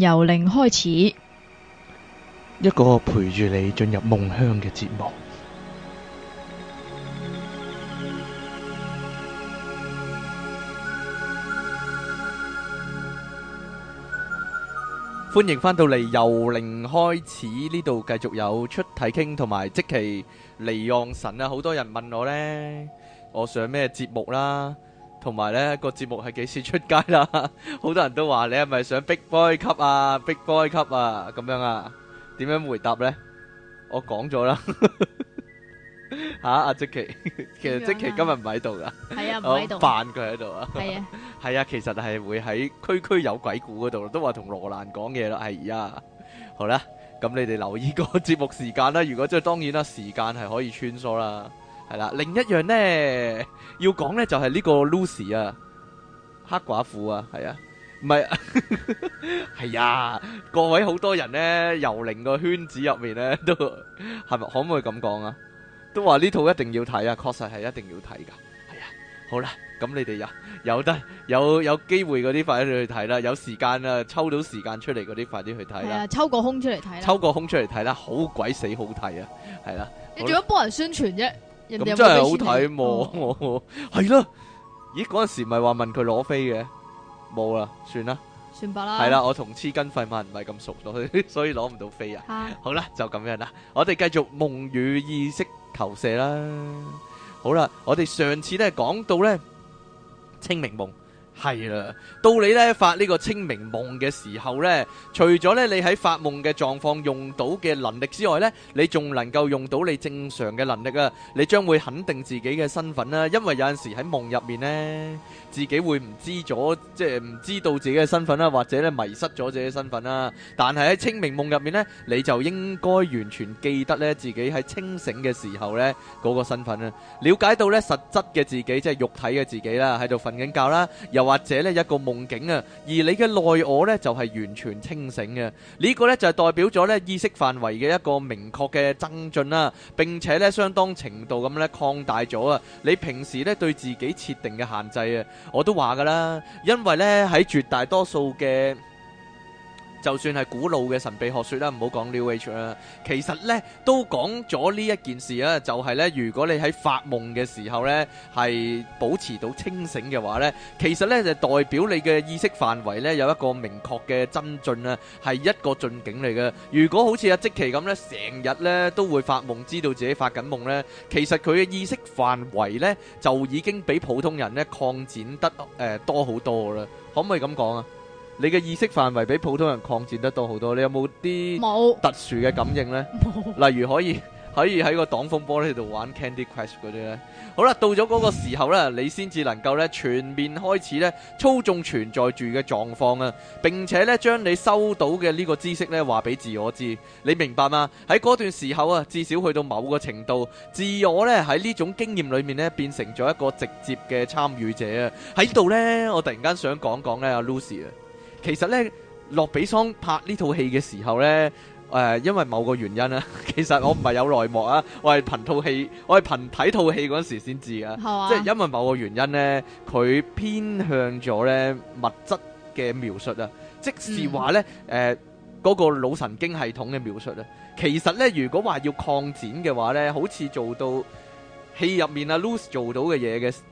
由零開始，一個陪住你進入夢鄉嘅節目。歡迎返到嚟，由零開始呢度，繼續有出體傾同埋即期離岸神啊！好多人問我呢，我上咩節目啦？同埋咧個節目係幾時出街啦？好 多人都話，你係咪想 Big Boy 級啊？Big Boy 級啊？咁樣啊？點樣回答咧？我講咗啦， 啊，吓阿即其， 其實即奇今日唔喺度噶，係啊，唔喺度扮佢喺度啊，係 其實 啊係啊，其實係會喺區區有鬼故嗰度都羅蘭話，同羅蘭講嘢啦，係啊， 好啦，咁你哋留意個節目時間啦，如果即係當然啦，時間係可以穿梭啦。係啦，另一樣咧要講咧就係呢個 Lucy 啊，黑寡婦啊，係啊，唔係，係呀，各位好多人咧，遊靈個圈子入面咧都係咪可唔可以咁講啊？都話呢套一定要睇啊，確實係一定要睇噶。係啊，好啦，咁你哋有有得有有機會嗰啲快啲去睇啦，有時間啊抽到時間出嚟，嗰啲快啲去睇啦。係啊，抽個空出嚟睇啦。抽個空出嚟睇啦，好鬼死好睇啊！係啦，你做咗幫人宣傳啫。咁真係好睇喎！係啦、嗯， 咦嗰陣時咪話問佢攞飛嘅，冇啦，算啦，算吧啦，係啦，我同黐筋廢物唔係咁熟咯， 所以攞唔到飛啊！好啦，就咁樣啦，我哋繼續夢與意識投射啦！好啦，我哋上次咧講到咧清明夢。係啦，到你咧發呢個清明夢嘅時候咧，除咗咧你喺發夢嘅狀況用到嘅能力之外咧，你仲能夠用到你正常嘅能力啊！你將會肯定自己嘅身份啦，因為有陣時喺夢入面咧，自己會唔知咗，即係唔知道自己嘅身份啦，或者咧迷失咗自己嘅身份啦。但係喺清明夢入面咧，你就應該完全記得咧自己喺清醒嘅時候咧嗰個身份啦，了解到咧實質嘅自己，即係肉體嘅自己啦，喺度瞓緊覺啦，又或者。或者呢一個夢境啊，而你嘅內我呢，就係完全清醒嘅，呢個呢，就係代表咗呢意識範圍嘅一個明確嘅增進啦，並且呢，相當程度咁呢擴大咗啊，你平時呢，對自己設定嘅限制啊，我都話噶啦，因為呢，喺絕大多數嘅。就算係古老嘅神秘學説啦，唔好講 New Age 啦，其實咧都講咗呢一件事啊，就係咧，如果你喺發夢嘅時候咧，係保持到清醒嘅話咧，其實咧就代表你嘅意識範圍咧有一個明確嘅進進啦，係一個進境嚟嘅。如果好似阿積奇咁咧，成日咧都會發夢，知道自己發緊夢咧，其實佢嘅意識範圍咧就已經比普通人咧擴展得誒多好多啦。可唔可以咁講啊？你嘅意識範圍比普通人擴展得到好多，你有冇啲特殊嘅感應呢？冇，沒 例如可以可以喺個擋風玻璃度玩 Candy Crush 嗰啲呢？好啦，到咗嗰個時候呢，你先至能夠呢全面開始呢操縱存在住嘅狀況啊！並且呢將你收到嘅呢個知識呢話俾自我知，你明白嗎？喺嗰段時候啊，至少去到某個程度，自我呢喺呢種經驗裏面呢變成咗一個直接嘅參與者啊！喺度呢，我突然間想講講呢阿 Lucy 啊 Luc～其實咧，諾比桑拍呢套戲嘅時候咧，誒、呃，因為某個原因啦、啊，其實我唔係有內幕啊， 我係憑套戲，我係憑睇套戲嗰陣時先知啊，即係因為某個原因咧，佢偏向咗咧物質嘅描述啊，即是話咧，誒、嗯，嗰、呃那個腦神經系統嘅描述咧、啊，其實咧，如果話要擴展嘅話咧，好似做到戲入面啊 Lucy 做到嘅嘢嘅。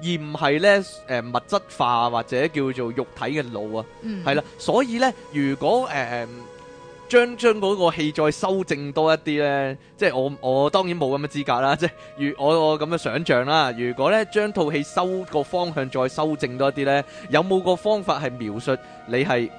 而唔係咧，誒、呃、物質化或者叫做肉體嘅腦啊，係啦、嗯，所以呢，如果誒、呃、將將嗰個戲再修正多一啲呢，即係我我當然冇咁嘅資格啦，即係如我我咁嘅想象啦，如果呢，將套戲修個方向再修正多一啲呢，有冇個方法係描述你係？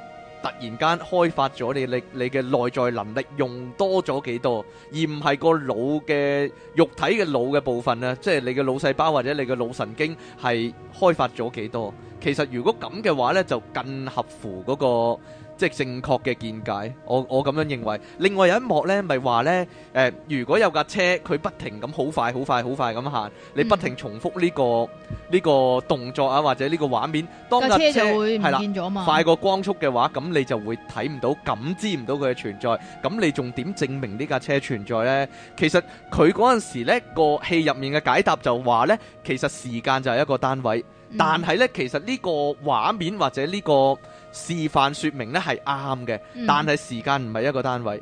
突然間開發咗你力，你嘅內在能力用多咗幾多，而唔係個腦嘅肉體嘅腦嘅部分咧，即係你嘅腦細胞或者你嘅腦神經係開發咗幾多？其實如果咁嘅話咧，就更合乎嗰個即係正確嘅見解。我我咁樣認為。另外有一幕咧，咪話咧，誒如果有架車佢不停咁好快好快好快咁行，你不停重複呢個呢個動作啊，或者呢個畫面，當架車就會唔見咗嘛，係啦，快過光速嘅話，咁你就會睇唔到，感知唔到佢嘅存在。咁你仲點證明呢架車存在咧？其實佢嗰陣時咧個戲入面嘅解答就話咧，其實時間就係一個單位。但係呢，其實呢個畫面或者呢個示範說明呢係啱嘅，但係時間唔係一個單位，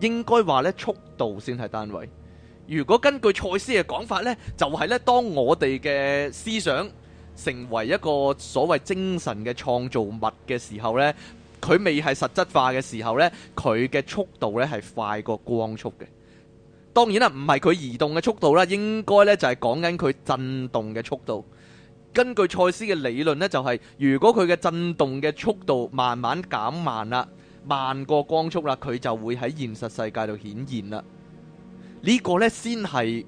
應該話呢速度先係單位。如果根據賽斯嘅講法呢，就係呢當我哋嘅思想成為一個所謂精神嘅創造物嘅時候呢，佢未係實質化嘅時候呢，佢嘅速度呢係快過光速嘅。當然啦，唔係佢移動嘅速度啦，應該呢就係講緊佢震動嘅速度。根據賽斯嘅理論呢就係、是、如果佢嘅震動嘅速度慢慢減慢啦，慢過光速啦，佢就會喺現實世界度顯現啦。呢、這個呢，先係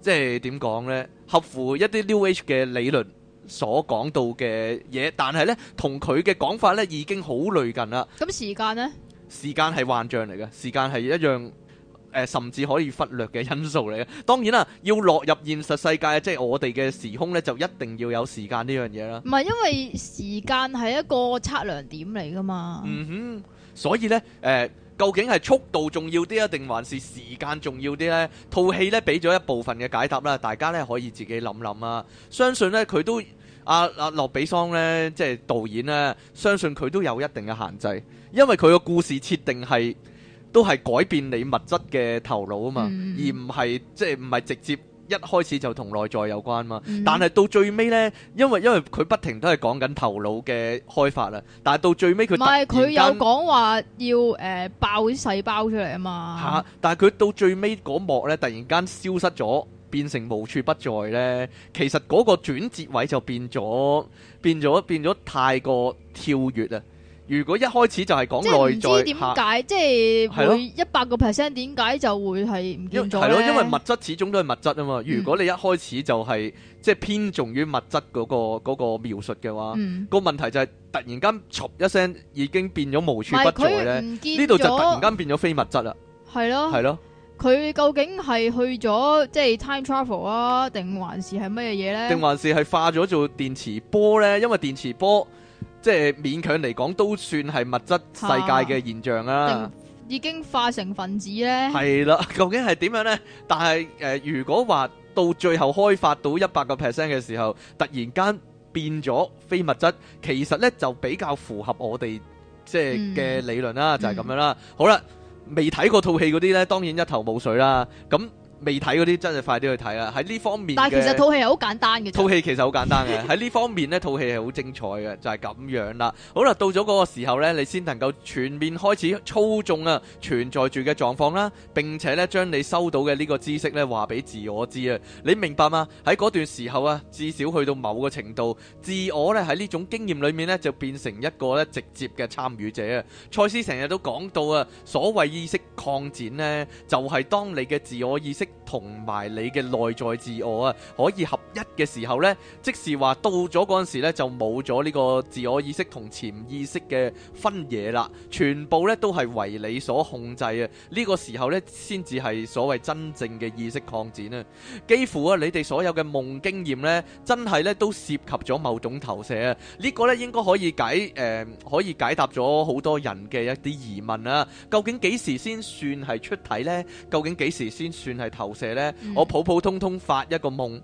即係點講呢？合乎一啲 New Age 嘅理論所講到嘅嘢，但係呢，同佢嘅講法呢已經好類近啦。咁時間呢？時間係幻象嚟嘅，時間係一樣。誒甚至可以忽略嘅因素嚟嘅，當然啦，要落入現實世界，即係我哋嘅時空呢就一定要有時間呢樣嘢啦。唔係因為時間係一個測量點嚟㗎嘛。嗯哼，所以呢，誒、呃，究竟係速度重要啲啊，定還是時間重要啲呢？套戲呢俾咗一部分嘅解答啦，大家呢可以自己諗諗啊。相信呢，佢都阿阿洛比桑呢，即係導演呢，相信佢都有一定嘅限制，因為佢個故事設定係。都係改變你物質嘅頭腦啊嘛，嗯、而唔係即係唔係直接一開始就同內在有關嘛。嗯、但係到最尾呢，因為因為佢不停都係講緊頭腦嘅開發啦。但係到最尾佢唔係佢有講話要誒、呃、爆啲細胞出嚟啊嘛。嚇、啊！但係佢到最尾嗰幕呢，突然間消失咗，變成無處不在呢。其實嗰個轉折位就變咗，變咗變咗太過跳躍啊！如果一開始就係講內在客，即係唔知點解，即係佢一百個 percent 點解就會係唔見咗咧？係咯，因為物質始終都係物質啊嘛。如果你一開始就係即係偏重於物質嗰、嗰個嗰、嗰個、描述嘅話，個、嗯、問題就係突然間嘈一聲已經變咗無處不在咧。呢度就突然間變咗非物質啦。係咯，係咯，佢究竟係去咗即係 time travel 啊，定還是係乜嘢嘢咧？定還是係化咗做電磁波咧？因為電磁波。即係勉強嚟講，都算係物質世界嘅現象啦。啊、已經化成分子咧。係啦，究竟係點樣咧？但係誒、呃，如果話到最後開發到一百個 percent 嘅時候，突然間變咗非物質，其實咧就比較符合我哋即係嘅理論啦，嗯、就係咁樣啦。嗯、好啦，未睇過套戲嗰啲咧，當然一頭霧水啦。咁。未睇嗰啲真係快啲去睇啦！喺呢方面，但係其實套戲係好簡單嘅。套戲已其實好簡單嘅，喺呢方面呢套戲係好精彩嘅，就係、是、咁樣啦。好啦，到咗嗰個時候呢，你先能夠全面開始操縱啊存在住嘅狀況啦，並且呢將你收到嘅呢個知識呢話俾自我知啊。你明白嗎？喺嗰段時候啊，至少去到某個程度，自我咧喺呢種經驗裏面呢，就變成一個咧直接嘅參與者啊。賽斯成日都講到啊，所謂意識擴展呢，就係、是、當你嘅自我意識，同埋你嘅內在自我啊，可以合一嘅時候呢，即是話到咗嗰陣時咧，就冇咗呢個自我意識同潛意識嘅分野啦，全部呢都係為你所控制啊！呢個時候呢，先至係所謂真正嘅意識擴展啊！幾乎啊，你哋所有嘅夢經驗呢，真係呢都涉及咗某種投射啊！呢個呢應該可以解誒、呃，可以解答咗好多人嘅一啲疑問啊：究竟幾時先算係出體呢？究竟幾時先算係？投射呢，我普普通通發一個夢，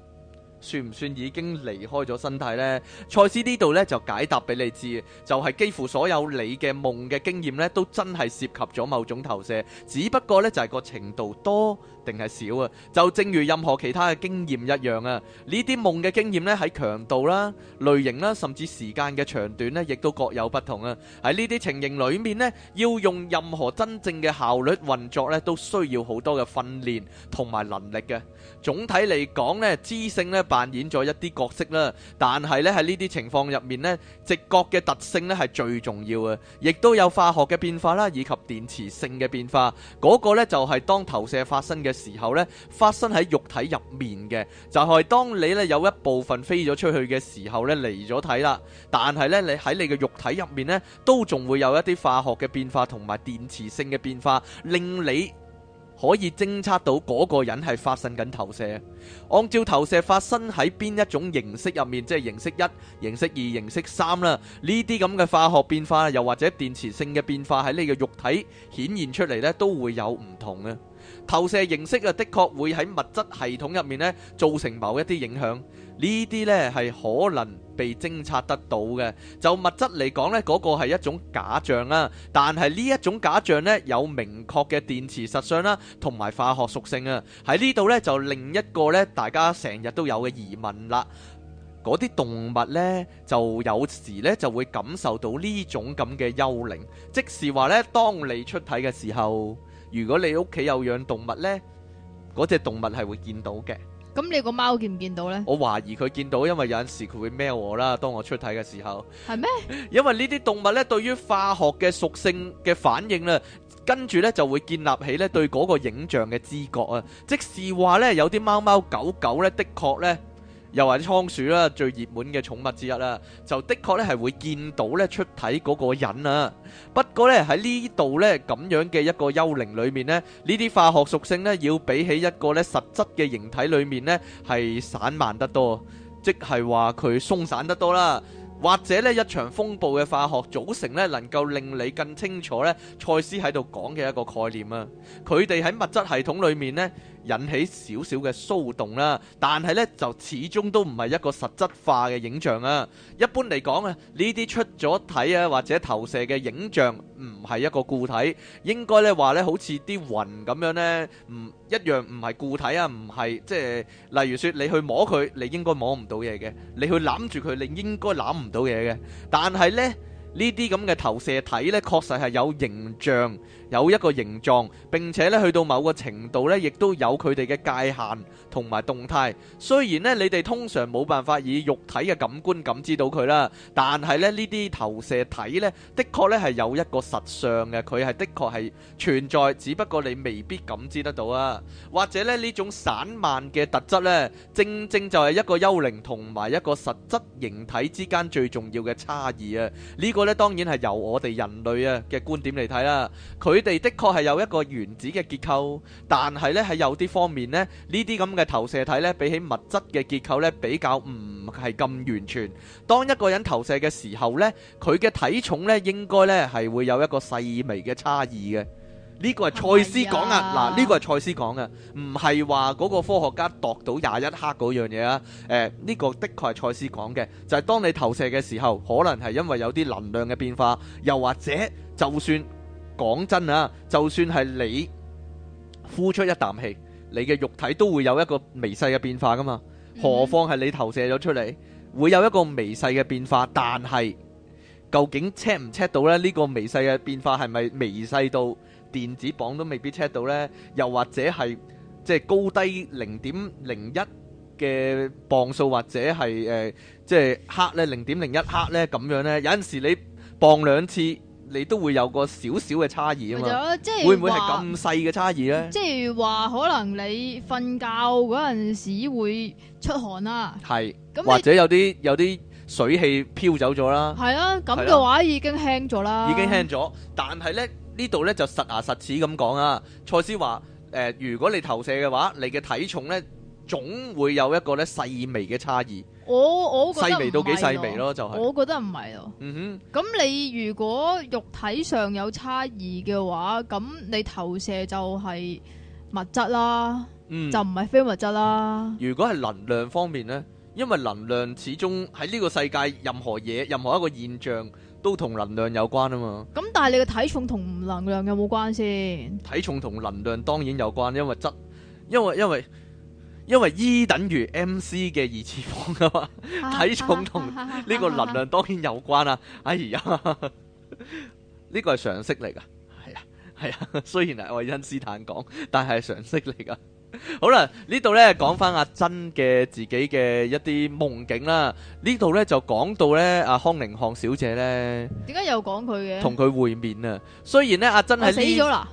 算唔算已經離開咗身體呢？賽斯呢度呢，就解答俾你知，就係幾乎所有你嘅夢嘅經驗呢，都真係涉及咗某種投射，只不過呢，就係個程度多。定係少啊！就正如任何其他嘅經驗一樣啊，呢啲夢嘅經驗咧喺強度啦、類型啦，甚至時間嘅長短咧，亦都各有不同啊！喺呢啲情形裏面咧，要用任何真正嘅效率運作咧，都需要好多嘅訓練同埋能力嘅。總體嚟講咧，知性咧扮演咗一啲角色啦，但係咧喺呢啲情況入面咧，直覺嘅特性咧係最重要嘅，亦都有化學嘅變化啦，以及電磁性嘅變化。嗰個咧就係當投射發生嘅時候咧發生喺肉體入面嘅，就係當你咧有一部分飛咗出去嘅時候咧離咗體啦，但係咧你喺你嘅肉體入面咧都仲會有一啲化學嘅變化同埋電磁性嘅變化，令你可以偵測到嗰個人係發生緊投射。按照投射發生喺邊一種形式入面，即係形式一、形式二、形式三啦，呢啲咁嘅化學變化又或者電磁性嘅變化喺你嘅肉體顯現出嚟咧，都會有唔同嘅。投射形式啊，的確會喺物質系統入面咧造成某一啲影響，呢啲咧係可能被偵察得到嘅。就物質嚟講咧，嗰個係一種假象啦，但係呢一種假象咧有明確嘅電磁實相啦，同埋化學屬性啊。喺呢度咧就另一個咧，大家成日都有嘅疑問啦。嗰啲動物咧就有時咧就會感受到呢種咁嘅幽靈，即是話咧當你出體嘅時候。如果你屋企有養動物咧，嗰隻動物係會見到嘅。咁你個貓見唔見到咧？我懷疑佢見到，因為有陣時佢會孭我啦。當我出體嘅時候，係咩？因為呢啲動物咧，對於化學嘅屬性嘅反應啦，跟住咧就會建立起咧對嗰個影像嘅知覺啊。即是話咧，有啲貓貓狗狗咧的確咧。又或者倉鼠啦，最熱門嘅寵物之一啦，就的確咧係會見到咧出體嗰個人啊。不過咧喺呢度咧咁樣嘅一個幽靈裏面呢，呢啲化學屬性呢，要比起一個咧實質嘅形體裏面呢，係散漫得多，即係話佢鬆散得多啦。或者呢，一場風暴嘅化學組成呢，能夠令你更清楚咧賽斯喺度講嘅一個概念啊。佢哋喺物質系統裏面呢，引起少少嘅騷動啦，但係呢就始終都唔係一個實質化嘅影像啊。一般嚟講啊，呢啲出咗體啊或者投射嘅影像唔係一個固體，應該呢話呢好似啲雲咁樣呢，唔一樣唔係固體啊，唔係即係例如說你去摸佢，你應該摸唔到嘢嘅；你去攬住佢，你應該攬唔到嘢嘅。但係呢，呢啲咁嘅投射體呢，確實係有形象。有一個形狀，並且咧去到某個程度咧，亦都有佢哋嘅界限，同埋動態。雖然咧你哋通常冇辦法以肉體嘅感官感知到佢啦，但係咧呢啲投射體咧的確咧係有一個實相嘅，佢係的確係存在，只不過你未必感知得到啊。或者咧呢種散漫嘅特質咧，正正就係一個幽靈同埋一個實質形體之間最重要嘅差異啊！呢個咧當然係由我哋人類啊嘅觀點嚟睇啦，佢。佢哋的確係有一個原子嘅結構，但係呢，喺有啲方面呢，呢啲咁嘅投射體呢，比起物質嘅結構呢，比較唔係咁完全。當一個人投射嘅時候呢，佢嘅體重呢應該呢係會有一個細微嘅差異嘅。呢、這個係賽斯講啊，嗱，呢、這個係賽斯講嘅，唔係話嗰個科學家度到廿一克嗰樣嘢啊。誒、呃、呢、這個的確係賽斯講嘅，就係、是、當你投射嘅時候，可能係因為有啲能量嘅變化，又或者就算。講真啊，就算係你呼出一啖氣，你嘅肉體都會有一個微細嘅變化噶嘛，何況係你投射咗出嚟，會有一個微細嘅變化。但係究竟 check 唔 check 到呢？呢個微細嘅變化係咪微細到電子磅都未必 check 到呢？又或者係即係高低零點零一嘅磅數，或者係誒即係克呢零點零一克呢？咁樣呢，有陣時你磅兩次。你都會有個少少嘅差異啊！嘛即會唔會係咁細嘅差異呢？即係話可能你瞓覺嗰陣時候會出汗啦、啊，係是，你或者有啲有啲水氣飄走咗啦。係啊，咁嘅話已經輕咗啦。已經輕咗，但係呢呢度呢就實牙實齒咁講啊！賽斯話誒，如果你投射嘅話，你嘅體重呢總會有一個呢細微嘅差異。我我都幾細微咯，就係。我覺得唔係咯。嗯哼，咁你如果肉體上有差異嘅話，咁你投射就係物質啦，嗯、就唔係非物質啦。如果係能量方面咧，因為能量始終喺呢個世界，任何嘢，任何一個現象都同能量有關啊嘛。咁但係你嘅體重同唔能量有冇關先？體重同能量當然有關，因為質，因為因為。因為 E 等於 MC 嘅二次方啊嘛，體重同呢個能量當然有關啊，哎呀，呢個係常識嚟噶，係啊係啊，雖然係愛因斯坦講，但係常識嚟噶。好啦，呢度咧講翻阿珍嘅自己嘅一啲夢境啦，呢度咧就講到咧阿康寧漢小姐咧，點解又講佢嘅同佢會面啊，雖然咧阿珍係死咗啦，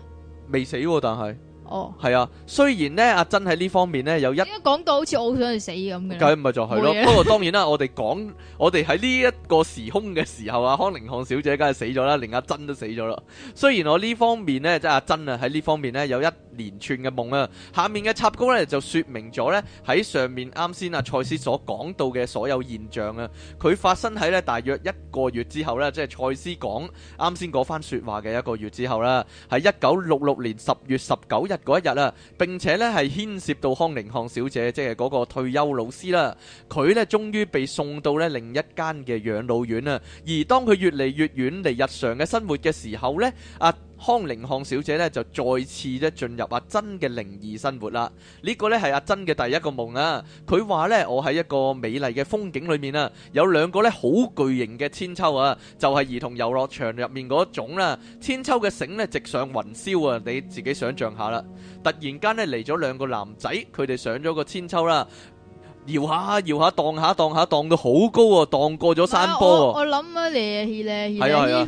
未死，但係。哦，係啊，雖然咧，阿珍喺呢方面咧有一，講到好像我似我好想去死咁嘅，咁咪就係咯。會啊、不過當然啦，我哋講，我哋喺呢一個時空嘅時候，啊， 康寧漢小姐梗係死咗啦，連阿珍都死咗啦。雖然我呢方面咧，即阿珍啊，喺呢方面咧有一連串嘅夢啦。下面嘅插曲咧就說明咗咧喺上面啱先阿蔡斯所講到嘅所有現象啊，佢發生喺咧大約一個月之後咧，即係蔡斯講啱先嗰番說話嘅一個月之後啦，喺一九六六年十月十九日。嗰一日啊，並且咧係牽涉到康寧漢小姐，即係嗰個退休老師啦。佢咧終於被送到咧另一間嘅養老院啊。而當佢越嚟越遠離日常嘅生活嘅時候咧，啊。康寧漢小姐呢，就再次咧進入阿珍嘅靈異生活啦，呢個呢，係阿珍嘅第一個夢啊！佢話呢，我喺一個美麗嘅風景裏面啊，有兩個呢好巨型嘅千秋啊，就係、是、兒童遊樂場入面嗰種啦。千秋嘅繩呢，直上雲霄啊，你自己想象下啦。突然間呢，嚟咗兩個男仔，佢哋上咗個千秋啦。搖下搖下，蕩下蕩下，蕩到好高啊！蕩過咗山坡啊，啊！我諗啊，你咧、啊，諗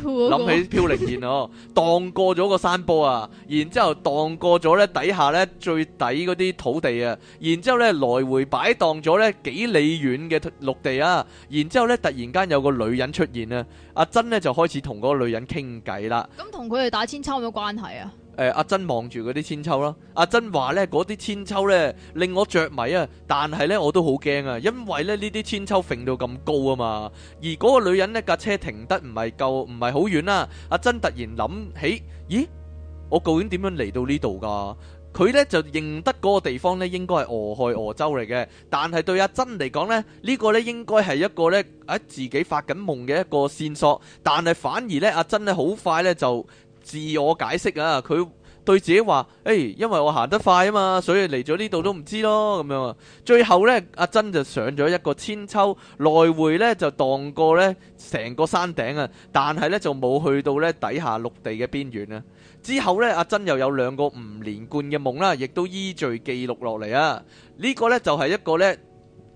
起飄零燕哦，蕩 過咗個山坡啊，然之後蕩過咗咧底下咧最底嗰啲土地啊，然之後咧來回擺蕩咗咧幾里遠嘅陸地啊，然之後咧突然間有個女人出現啊，阿珍咧就開始同個女人傾偈啦。咁同佢哋打千秋有冇關係啊？阿珍望住嗰啲千秋啦，阿珍話呢嗰啲千秋呢，令我着迷啊，但係呢，我都好驚啊，因為呢啲千秋揈到咁高啊嘛，而嗰個女人呢，架車停得唔係夠，唔係好遠啦、啊。阿珍突然諗起，咦，我究竟點樣嚟到呢度噶？佢呢就認得嗰個地方呢，應該係俄亥俄州嚟嘅，但係對阿珍嚟講呢，呢、呢個呢應該係一個呢，呃、自己發緊夢嘅一個線索，但係反而呢，阿珍呢好快呢就。自我解釋啊，佢對自己話：誒，因為我行得快啊嘛，所以嚟咗呢度都唔知咯，咁樣啊。最後呢，阿珍就上咗一個千秋，來回呢就蕩過呢成個山頂啊，但係呢就冇去到呢底下陸地嘅邊緣啊。之後呢，阿珍又有兩個唔連貫嘅夢啦，亦都依序記錄落嚟啊。呢個呢就係一個呢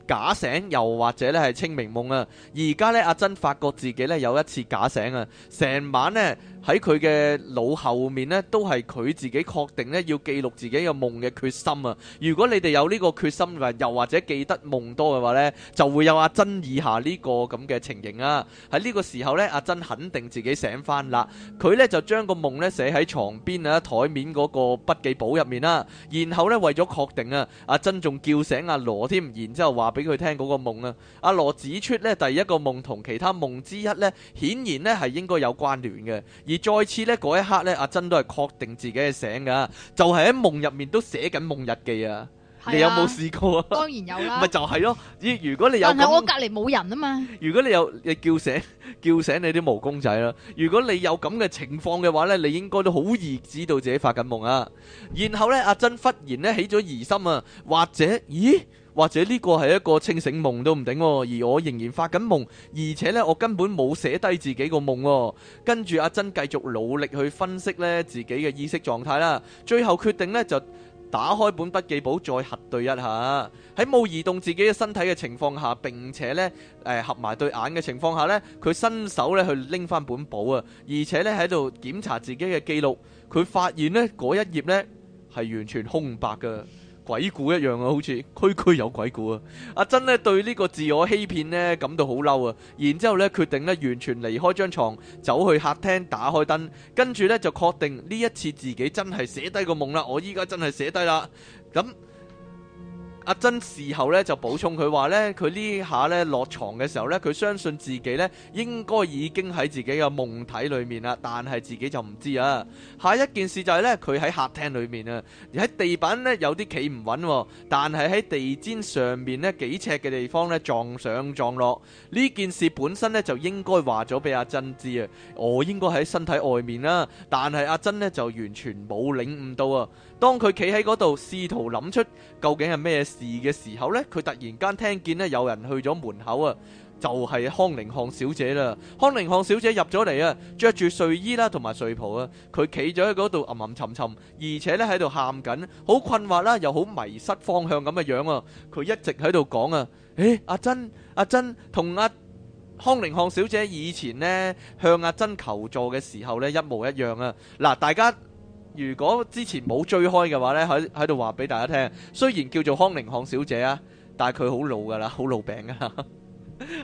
假醒，又或者呢係清明夢啊。而家呢，阿珍發覺自己呢有一次假醒啊，成晚呢。喺佢嘅腦後面呢都係佢自己確定呢要記錄自己嘅夢嘅決心啊！如果你哋有呢個決心，又或者記得夢多嘅話呢，就會有阿珍以下呢個咁嘅情形啊！喺呢個時候呢，阿珍肯定自己醒翻啦。佢呢就將個夢呢寫喺床邊啊台面嗰個筆記簿入面啦。然後呢，為咗確定啊，阿珍仲叫醒阿羅添，然之後話俾佢聽嗰個夢啊。阿羅指出呢，第一個夢同其他夢之一呢，顯然呢係應該有關聯嘅。而再次咧，嗰一刻咧，阿珍都係確定自己係醒噶就係喺夢入面都寫緊夢日記啊！你有冇試過啊？當然有啦。咪就係咯，如果你有，但係我隔籬冇人啊嘛。如果你有，你叫醒叫醒你啲毛公仔啦。如果你有咁嘅情況嘅話咧，你應該都好易知道自己發緊夢啊。然後咧，阿珍忽然咧起咗疑心啊，或者咦？或者呢個係一個清醒夢都唔定，而我仍然發緊夢，而且呢，我根本冇寫低自己個夢。跟住阿珍繼續努力去分析呢自己嘅意識狀態啦，最後決定呢，就打開本筆記簿再核對一下。喺冇移動自己嘅身體嘅情況下，並且呢誒合埋對眼嘅情況下呢，佢伸手呢去拎翻本簿啊，而且呢，喺度檢查自己嘅記錄，佢發現呢嗰一頁呢係完全空白㗎。鬼故一樣啊，好似區區有鬼故啊！阿珍呢對呢個自我欺騙呢感到好嬲啊，然之後呢決定呢完全離開張床，走去客廳，打開燈，跟住呢就確定呢一次自己真係寫低個夢啦！我依家真係寫低啦，咁。阿珍事後咧就補充佢話咧，佢呢下咧落床嘅時候咧，佢相信自己咧應該已經喺自己嘅夢體裏面啦，但係自己就唔知啊。下一件事就係咧，佢喺客廳裏面啊，而喺地板咧有啲企唔穩，但係喺地氈上面咧幾尺嘅地方咧撞上撞落。呢件事本身咧就應該話咗俾阿珍知啊，我應該喺身體外面啦，但係阿珍咧就完全冇領悟到啊。當佢企喺嗰度，試圖諗出究竟係咩事嘅時候咧，佢突然間聽見咧有人去咗門口啊，就係康寧漢小姐啦。康寧漢小姐入咗嚟啊，着住睡衣啦，同埋睡袍啊。佢企咗喺嗰度，吟吟沉沉，而且咧喺度喊緊，好困惑啦，又好迷失方向咁嘅樣啊。佢一直喺度講啊，誒，阿珍，阿珍同阿康寧漢小姐以前咧向阿珍求助嘅時候咧一模一樣啊。嗱，大家。如果之前冇追開嘅話呢，喺喺度話俾大家聽，雖然叫做康寧漢小姐啊，但係佢好老㗎啦，好老餅㗎。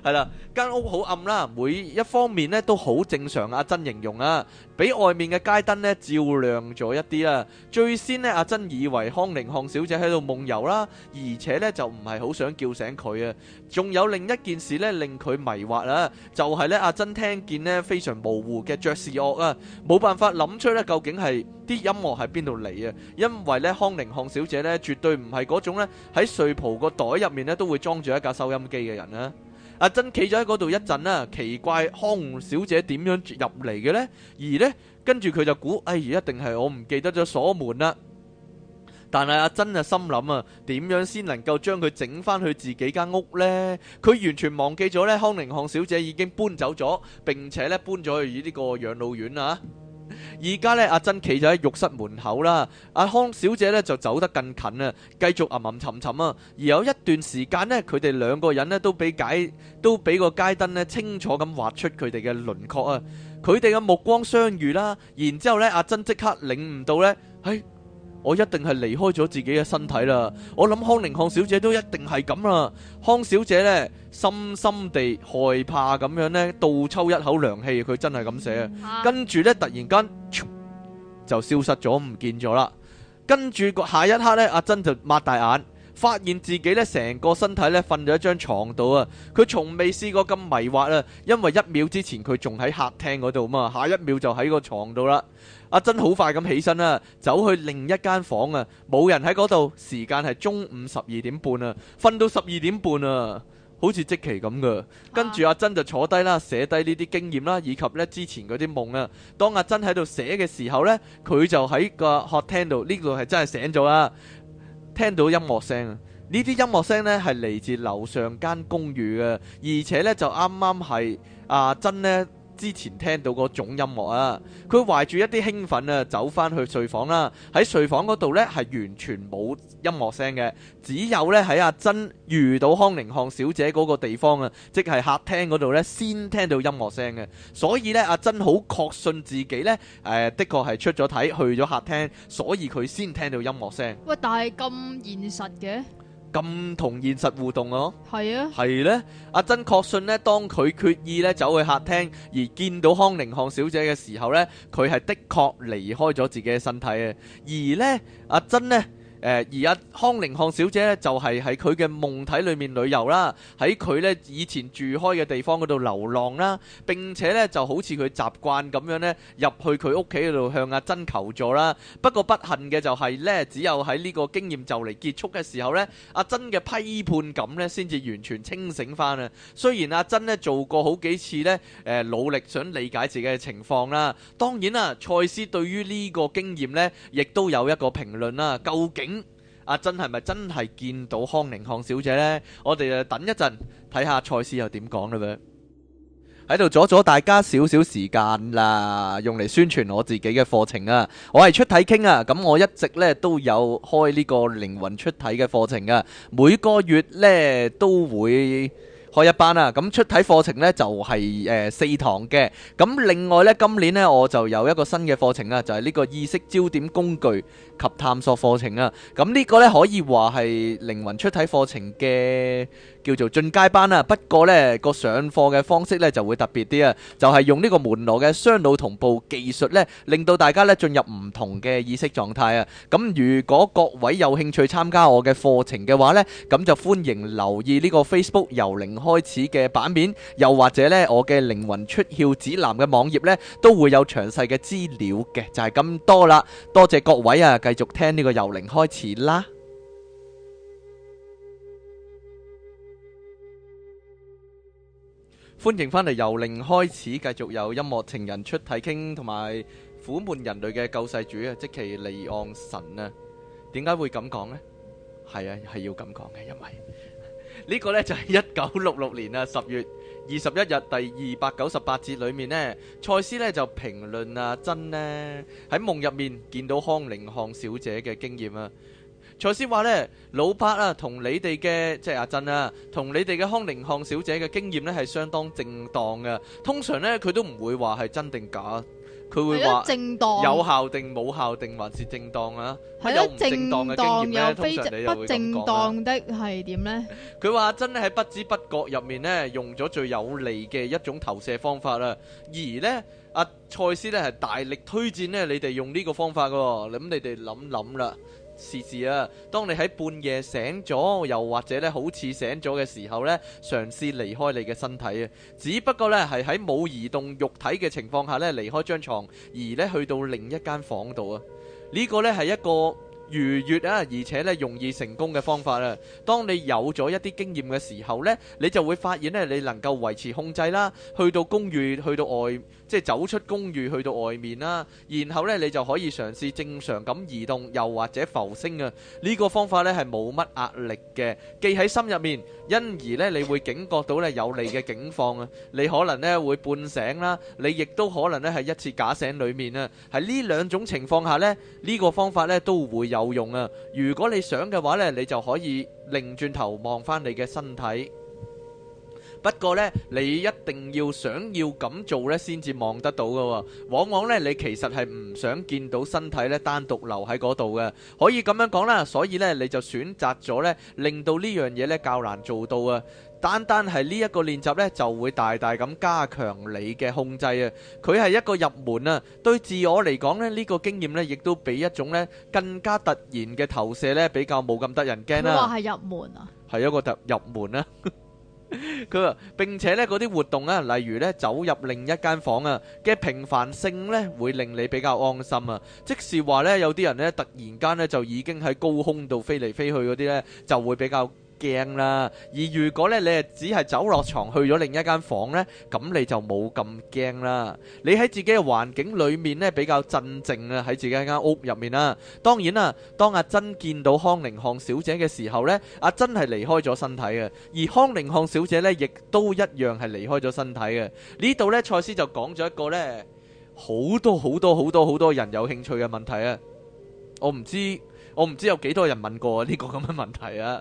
係啦，間 屋好暗啦，每一方面呢都好正常。阿珍形容啊，俾外面嘅街燈照亮咗一啲啊。最先呢，阿珍以為康寧漢小姐喺度夢遊啦，而且呢就唔係好想叫醒佢啊。仲有另一件事呢，令佢迷惑啊，就係呢。阿珍聽見呢非常模糊嘅爵士樂啊，冇辦法諗出呢究竟係啲音樂喺邊度嚟啊。因為呢，康寧漢小姐呢，絕對唔係嗰種呢，喺睡袍個袋入面呢都會裝住一架收音機嘅人啊。阿珍企咗喺嗰度一陣，奇怪康小姐點樣入嚟嘅呢？而呢，跟住佢就估，哎，一定係我唔記得咗鎖門啦。但係阿珍啊，心諗啊，點樣先能夠將佢整返去自己間屋呢？佢完全忘記咗呢。康寧康小姐已經搬走咗，並且呢，搬咗去呢個養老院啊。而家咧，在阿珍企咗喺浴室門口啦，阿康小姐咧就走得更近啊，繼續吟吟沉沉啊。而有一段時間呢，佢哋兩個人呢，都俾解，都俾個街燈呢，清楚咁畫出佢哋嘅輪廓啊。佢哋嘅目光相遇啦，然之後咧，阿珍即刻領悟到呢。係、哎。我一定係離開咗自己嘅身體啦，我諗康寧康小姐都一定係咁啦。康小姐咧，深深地害怕咁樣咧，倒抽一口涼氣，佢真係咁寫。跟住咧，突然間就消失咗，唔見咗啦。跟住個下一刻咧，阿珍就擘大眼，發現自己咧成個身體咧瞓咗一張床度啊！佢從未試過咁迷惑啊，因為一秒之前佢仲喺客廳嗰度嘛，下一秒就喺個床度啦。阿珍好快咁起身啦，走去另一間房啊，冇人喺嗰度。時間係中午十二點半啊，瞓到十二點半啊，好似即期咁噶。跟住阿珍就坐低啦，寫低呢啲經驗啦，以及咧之前嗰啲夢啦。當阿珍喺度寫嘅時候咧，佢就喺個客廳度，呢度係真係醒咗啦，聽到音樂聲。呢啲音樂聲咧係嚟自樓上間公寓嘅，而且咧就啱啱係阿珍咧之前聽到嗰種音樂啊，佢懷住一啲興奮啊，走翻去睡房啦。喺睡房嗰度咧，係完全冇音樂聲嘅，只有咧喺阿珍遇到康寧漢小姐嗰個地方啊，即係客廳嗰度咧，先聽到音樂聲嘅。所以咧，阿珍好確信自己咧，誒，的確係出咗體，去咗客廳，所以佢先聽到音樂聲。喂，但係咁現實嘅？咁同現實互動咯，係啊，係咧、啊，阿珍確信咧，當佢決意咧走去客廳而見到康寧漢小姐嘅時候咧，佢係的確離開咗自己嘅身體嘅，而咧，阿珍咧。誒而阿康寧漢小姐咧就係喺佢嘅夢體裏面旅遊啦，喺佢咧以前住開嘅地方嗰度流浪啦，並且咧就好似佢習慣咁樣咧入去佢屋企嗰度向阿珍求助啦。不過不幸嘅就係咧，只有喺呢個經驗就嚟結束嘅時候咧，阿珍嘅批判感咧先至完全清醒翻啊。雖然阿珍呢做過好幾次咧誒努力想理解自己嘅情況啦，當然啦，賽斯對於呢個經驗咧亦都有一個評論啦。究竟？阿珍係咪真係見到康寧漢小姐呢？我哋等一陣睇下蔡司又點講啦噃，喺度阻咗大家少少時間啦，用嚟宣傳我自己嘅課程啊！我係出體傾啊，咁我一直呢都有開呢個靈魂出體嘅課程啊，每個月呢都會開一班啊。咁出體課程呢就係、是、誒、呃、四堂嘅，咁另外呢，今年呢我就有一個新嘅課程啊，就係、是、呢個意識焦點工具。及探索課程啊，咁呢個呢可以話係靈魂出體課程嘅叫做進階班啦。不過呢個上課嘅方式呢就會特別啲啊，就係用呢個門羅嘅雙腦同步技術呢，令到大家呢進入唔同嘅意識狀態啊。咁如果各位有興趣參加我嘅課程嘅話呢，咁就歡迎留意呢個 Facebook 由零開始嘅版面，又或者呢我嘅靈魂出竅指南嘅網頁呢都會有詳細嘅資料嘅。就係咁多啦，多謝各位啊！繼續。繼續聽呢個由零開始啦，歡迎翻嚟由零開始，繼續有音樂情人出體傾，同埋苦悶人類嘅救世主啊，即其利昂神啊，點解會咁講呢？係啊，係要咁講嘅，因為呢個呢就係一九六六年啊十月。二十一日第二百九十八節裏面咧，蔡司咧就評論阿珍咧喺夢入面見到康寧漢小姐嘅經驗啊。蔡司話咧，老伯啊，同、就是、你哋嘅即係阿珍啊，同你哋嘅康寧漢小姐嘅經驗咧係相當正當嘅，通常咧佢都唔會話係真定假。佢會話有效定冇效定還是正當啊？係一正當嘅經驗呢，通常你就會咁講。不正當的係點呢？佢話真係喺不知不覺入面呢，用咗最有利嘅一種投射方法啦。而呢阿賽斯呢係大力推薦呢，你哋用呢個方法喎。噉你哋諗諗啦。試試啊！當你喺半夜醒咗，又或者咧好似醒咗嘅時候咧，嘗試離開你嘅身體啊！只不過咧係喺冇移動肉體嘅情況下咧離開張牀，而咧去到另一間房度啊！呢個咧係一個愉悅啊，而且咧容易成功嘅方法啊！當你有咗一啲經驗嘅時候咧，你就會發現咧你能夠維持控制啦，去到公寓，去到外。即係走出公寓去到外面啦，然後咧你就可以嘗試正常咁移動，又或者浮升啊！呢個方法咧係冇乜壓力嘅，記喺心入面，因而咧你會警覺到咧有利嘅境況啊！你可能咧會半醒啦，你亦都可能咧係一次假醒裡面啊！喺呢兩種情況下咧，呢個方法咧都會有用啊！如果你想嘅話咧，你就可以擰轉頭望返你嘅身體。不過咧，你一定要想要咁做咧，先至望得到㗎。往往咧，你其實係唔想見到身體咧，單獨留喺嗰度嘅。可以咁樣講啦，所以咧，你就選擇咗咧，令到呢樣嘢咧較難做到啊。單單係呢一個練習咧，就會大大咁加強你嘅控制啊。佢係一個入門啊，對自我嚟講咧，呢個經驗咧，亦都比一種咧更加突然嘅投射咧，比較冇咁得人驚啦。我話係入門啊，係一個入入門啊。佢話， 並且咧，嗰啲活動咧，例如咧走入另一間房啊嘅平凡性咧，會令你比較安心啊。即係話咧，有啲人咧突然間咧就已經喺高空度飛嚟飛去嗰啲咧，就會比較驚啦，而如果咧你係只係走落床去咗另一間房咧，咁你就冇咁驚啦。你喺自己嘅環境裏面咧比較鎮靜啊，喺自己一間屋入面啦。當然啦，當阿珍見到康寧漢小姐嘅時候咧，阿珍係離開咗身體嘅，而康寧漢小姐咧亦都一樣係離開咗身體嘅。呢度咧，蔡司就講咗一個咧好多好多好多好多人有興趣嘅問題啊！我唔知我唔知有幾多人問過呢個咁嘅問題啊！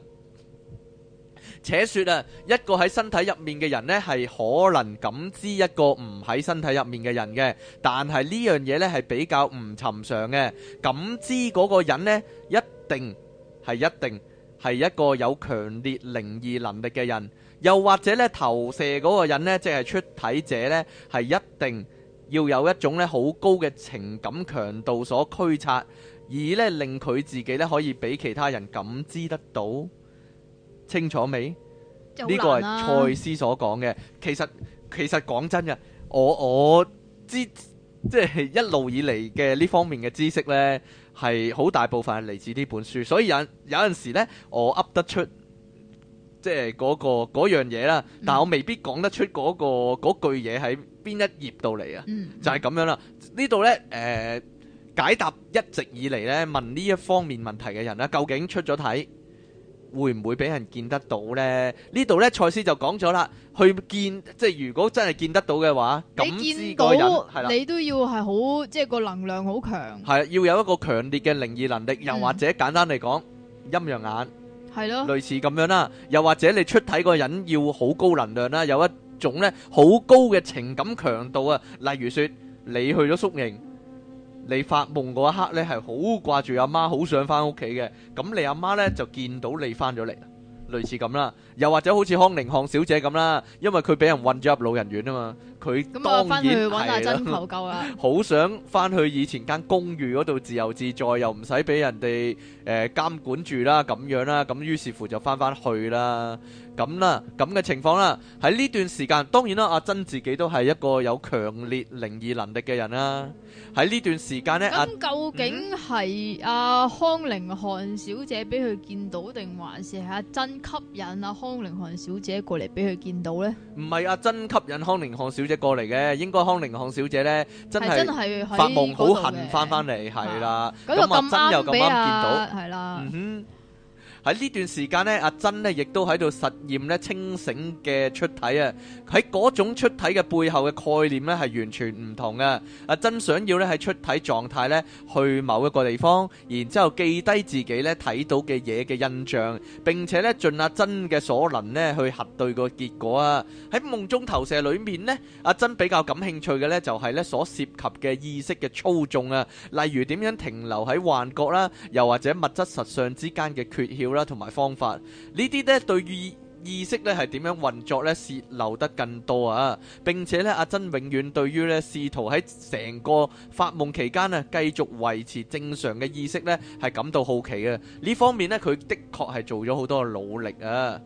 且説啊，一個喺身體入面嘅人呢，係可能感知一個唔喺身體入面嘅人嘅。但係呢樣嘢呢，係比較唔尋常嘅。感知嗰個人呢，一定係一定係一個有強烈靈異能力嘅人，又或者呢，投射嗰個人呢，即係出體者呢，係一定要有一種呢好高嘅情感強度所驅策，而呢，令佢自己呢，可以俾其他人感知得到。清楚未？呢個係賽斯所講嘅。其實其實講真嘅，我我知即係一路以嚟嘅呢方面嘅知識呢，係好大部分係嚟自呢本書。所以有有陣時咧，我噏得出即係嗰、那個嗰樣嘢啦，但係我未必講得出嗰、那個那句嘢喺邊一頁度嚟啊。嗯嗯就係咁樣啦。呢度呢，誒、呃，解答一直以嚟咧問呢一方面問題嘅人咧，究竟出咗體。會唔會俾人見得到咧？呢度咧，賽斯就講咗啦，去見，即係如果真係見得到嘅話，感知個人係啦，你都要係好，即係個能量好強，係要有一個強烈嘅靈異能力，又或者簡單嚟講陰陽眼，係咯，類似咁樣啦。又或者你出體個人要好高能量啦，有一種咧好高嘅情感強度啊，例如說你去咗宿營。你發夢嗰一刻咧，係好掛住阿媽，好想翻屋企嘅。咁你阿媽咧就見到你翻咗嚟，類似咁啦。又或者好似康寧漢小姐咁啦，因為佢俾人韞咗入老人院啊嘛，佢當然係啦。佢多翻去搵真求救啦。好想翻去以前間公寓嗰度自由自在，又唔使俾人哋誒監管住啦，咁樣啦。咁於是乎就翻翻去啦。咁啦，咁嘅情況啦，喺呢段時間，當然啦，阿珍自己都係一個有強烈靈異能力嘅人啦。喺呢段時間呢，咁究竟係阿、嗯啊、康寧漢小姐俾佢見到，定還是係阿珍吸引阿、啊、康寧漢小姐過嚟俾佢見到呢？唔係阿珍吸引康寧漢小姐過嚟嘅，應該康寧漢小姐呢，真係發夢好恨翻翻嚟，係啦。咁的啊，真、那個啊、又咁啱見到，啦、啊。喺呢段時間咧，阿珍咧亦都喺度實驗咧清醒嘅出體啊！喺嗰種出體嘅背後嘅概念咧，係完全唔同啊。阿珍想要咧喺出體狀態咧去某一個地方，然之後記低自己咧睇到嘅嘢嘅印象，並且咧盡阿珍嘅所能咧去核對個結果啊！喺夢中投射裏面咧，阿珍比較感興趣嘅咧就係咧所涉及嘅意識嘅操縱啊，例如點樣停留喺幻覺啦，又或者物質實相之間嘅訣竅。啦，同埋方法呢啲咧，這些對於意識咧係點樣運作咧，洩漏得更多啊！並且呢，阿珍永遠對於呢，試圖喺成個發夢期間啊，繼續維持正常嘅意識呢係感到好奇嘅。呢方面呢，佢的確係做咗好多努力啊！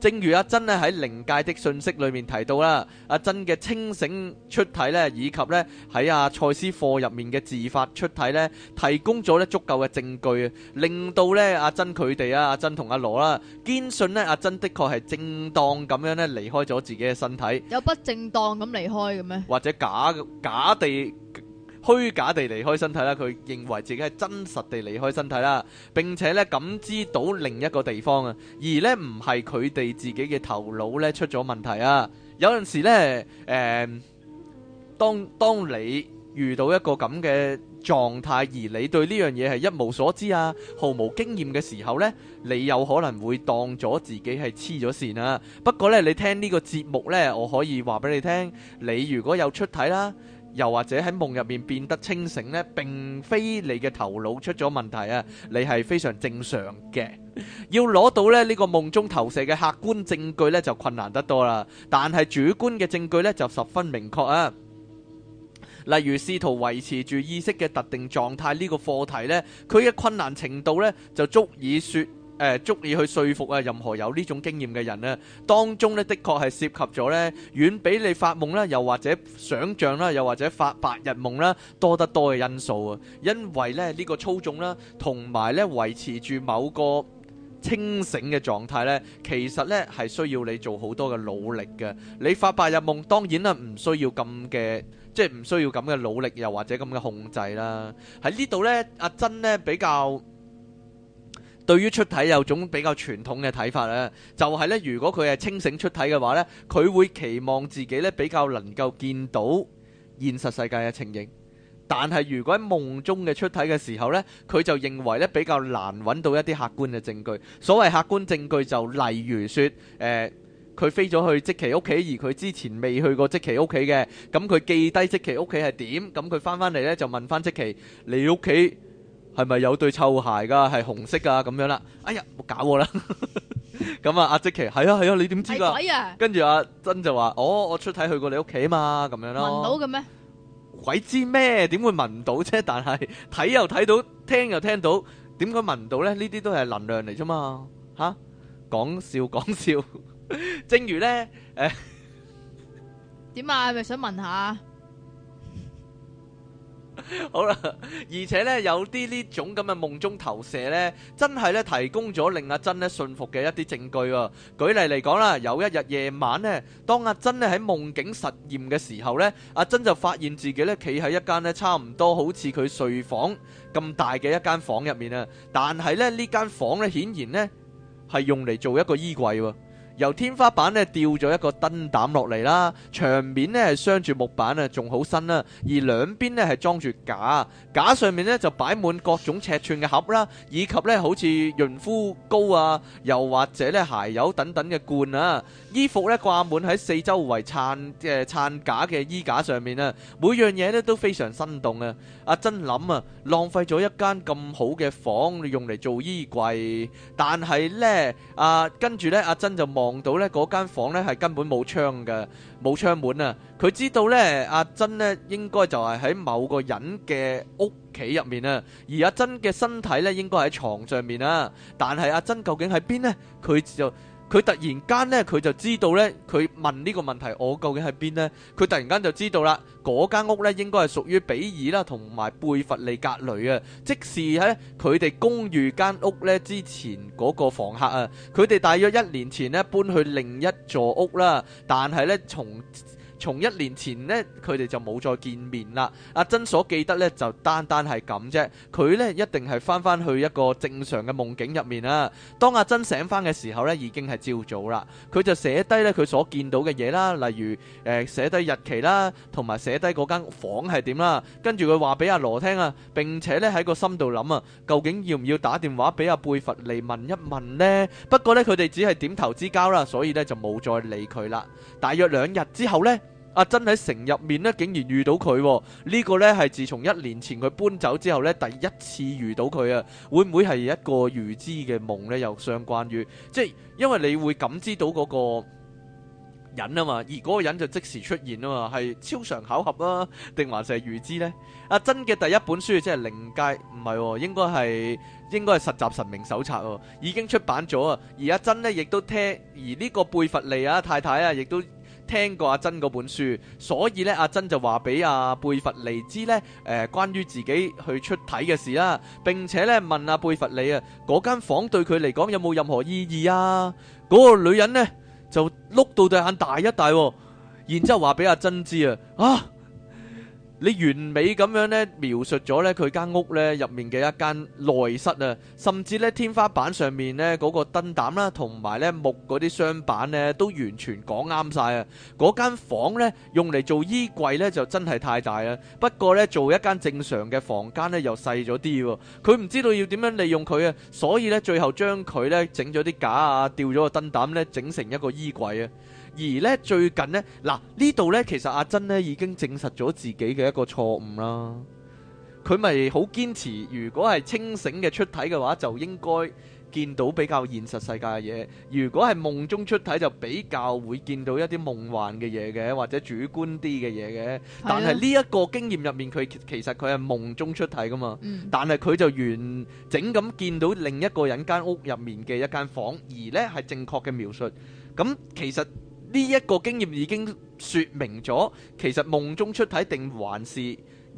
正如阿珍呢喺靈界的信息裏面提到啦，阿珍嘅清醒出體呢，以及呢喺阿賽斯課入面嘅自發出體呢，提供咗呢足夠嘅證據，令到呢阿珍佢哋啊，阿珍同阿羅啦，堅信呢阿珍的確係正當咁樣呢離開咗自己嘅身體。有不正當咁離開嘅咩？或者假假地？虛假地離開身體啦，佢認為自己係真實地離開身體啦，並且咧感知到另一個地方啊，而呢唔係佢哋自己嘅頭腦咧出咗問題啊。有陣時呢，誒、欸，當當你遇到一個咁嘅狀態，而你對呢樣嘢係一無所知啊，毫無經驗嘅時候呢，你有可能會當咗自己係黐咗線啊。不過呢，你聽呢個節目呢，我可以話俾你聽，你如果有出體啦，又或者喺夢入面變得清醒呢？並非你嘅頭腦出咗問題啊，你係非常正常嘅。要攞到呢呢個夢中投射嘅客觀證據呢，就困難得多啦，但係主觀嘅證據呢，就十分明確啊。例如試圖維持住意識嘅特定狀態呢個課題呢，佢嘅困難程度呢，就足以說。誒足以去說服啊任何有呢種經驗嘅人咧，當中呢，的確係涉及咗呢，遠比你發夢啦，又或者想像啦，又或者發白日夢啦多得多嘅因素啊！因為呢，呢、呢個操縱啦，同埋呢維持住某個清醒嘅狀態呢，其實呢係需要你做好多嘅努力嘅。你發白日夢當然啦，唔需要咁嘅，即係唔需要咁嘅努力，又或者咁嘅控制啦。喺呢度呢，阿珍呢比較，對於出體有種比較傳統嘅睇法咧，就係、是、咧，如果佢係清醒出體嘅話咧，佢會期望自己咧比較能夠見到現實世界嘅情形。但係如果喺夢中嘅出體嘅時候咧，佢就認為咧比較難揾到一啲客觀嘅證據。所謂客觀證據就例如説，誒、呃，佢飛咗去即其屋企，而佢之前未去過即其屋企嘅，咁佢記低即其屋企係點，咁佢翻翻嚟咧就問翻即其，你屋企？係咪有對臭鞋噶？係紅色噶咁樣啦。哎呀，冇搞我啦。咁啊，阿即奇，係啊係啊，你點知噶？跟住阿珍就話，哦，我出體去過你屋企啊嘛。咁樣咯。聞到嘅咩？鬼知咩？點會聞到啫？但係睇又睇到，聽又聽到，點解聞到咧？呢啲都係能量嚟啫嘛。吓，講笑講笑。正如咧，誒，點啊？係咪想聞下？ 好啦，而且咧有啲呢種咁嘅夢中投射呢，真係咧提供咗令阿珍呢信服嘅一啲證據。舉例嚟講啦，有一日夜晚呢，當阿珍呢喺夢境實驗嘅時候呢，阿珍就發現自己呢企喺一間呢差唔多好似佢睡房咁大嘅一間房入面啊，但係呢，呢間房呢，顯然呢係用嚟做一個衣櫃。由天花板咧吊咗一個燈膽落嚟啦，牆面咧係鑲住木板啊，仲好新啦。而兩邊咧係裝住架，架上面咧就擺滿各種尺寸嘅盒啦，以及咧好似潤膚膏啊，又或者咧鞋油等等嘅罐啊。衣服咧掛滿喺四周圍撐呃撐架嘅衣架上面啦，每樣嘢咧都非常生動啊！阿珍諗啊，浪費咗一間咁好嘅房用嚟做衣櫃，但係呢，阿跟住呢，阿珍就望到呢嗰間房呢係根本冇窗嘅，冇窗門啊！佢知道呢，阿珍呢應該就係喺某個人嘅屋企入面啊，而阿珍嘅身體呢應該喺床上面啊。但係阿珍究竟喺邊呢？佢就。佢突然間咧，佢就知道咧。佢問呢個問題，我究竟喺邊咧？佢突然間就知道啦。嗰間屋咧，應該係屬於比爾啦，同埋貝弗利格雷啊。即係喺佢哋公寓間屋咧之前嗰個房客啊。佢哋大約一年前咧搬去另一座屋啦。但係咧，從從一年前咧，佢哋就冇再見面啦。阿珍所記得咧，就單單係咁啫。佢咧一定係翻翻去一個正常嘅夢境入面啦。當阿珍醒翻嘅時候咧，已經係朝早啦。佢就寫低咧佢所見到嘅嘢啦，例如誒寫低日期啦，同埋寫低嗰間房係點啦。跟住佢話俾阿羅聽啊，並且咧喺個心度諗啊，究竟要唔要打電話俾阿貝弗利問一問咧？不過咧佢哋只係點頭之交啦，所以咧就冇再理佢啦。大約兩日之後咧。阿珍喺城入面咧，竟然遇到佢呢、哦這個呢，係自從一年前佢搬走之後咧，第一次遇到佢啊！會唔會係一個預知嘅夢呢？又相關於，即係因為你會感知到嗰個人啊嘛，而嗰個人就即時出現啊嘛，係超常巧合啊，定還是係預知呢？阿珍嘅第一本書即係《靈界》，唔係，應該係應該係《實習神明手冊》哦，已經出版咗啊！而阿、啊、珍呢，亦都聽，而呢個貝弗利啊太太啊亦都。聽過阿珍嗰本書，所以咧阿珍就話俾阿貝弗尼知咧，誒關於自己去出體嘅事啦，並且咧問阿貝弗尼啊，嗰間房對佢嚟講有冇任何意義啊？嗰、那個女人呢，就碌到對眼大一大，然之後話俾阿珍知啊啊！你完美咁樣咧描述咗咧佢間屋咧入面嘅一間內室啊，甚至咧天花板上面咧嗰個燈膽啦，同埋咧木嗰啲箱板咧都完全講啱晒啊！嗰間房咧用嚟做衣櫃咧就真係太大啦，不過咧做一間正常嘅房間咧又細咗啲，佢唔知道要點樣利用佢啊，所以咧最後將佢咧整咗啲架啊，吊咗個燈膽咧整成一個衣櫃啊！而咧最近呢，嗱呢度呢，其實阿珍呢已經證實咗自己嘅一個錯誤啦。佢咪好堅持，如果係清醒嘅出體嘅話，就應該見到比較現實世界嘅嘢；如果係夢中出體，就比較會見到一啲夢幻嘅嘢嘅，或者主觀啲嘅嘢嘅。但係呢一個經驗入面，佢其實佢係夢中出體噶嘛。嗯。但係佢就完整咁見到另一個人間屋入面嘅一間房，而呢係正確嘅描述。咁，嗯，其實。呢一個經驗已經説明咗，其實夢中出體定還是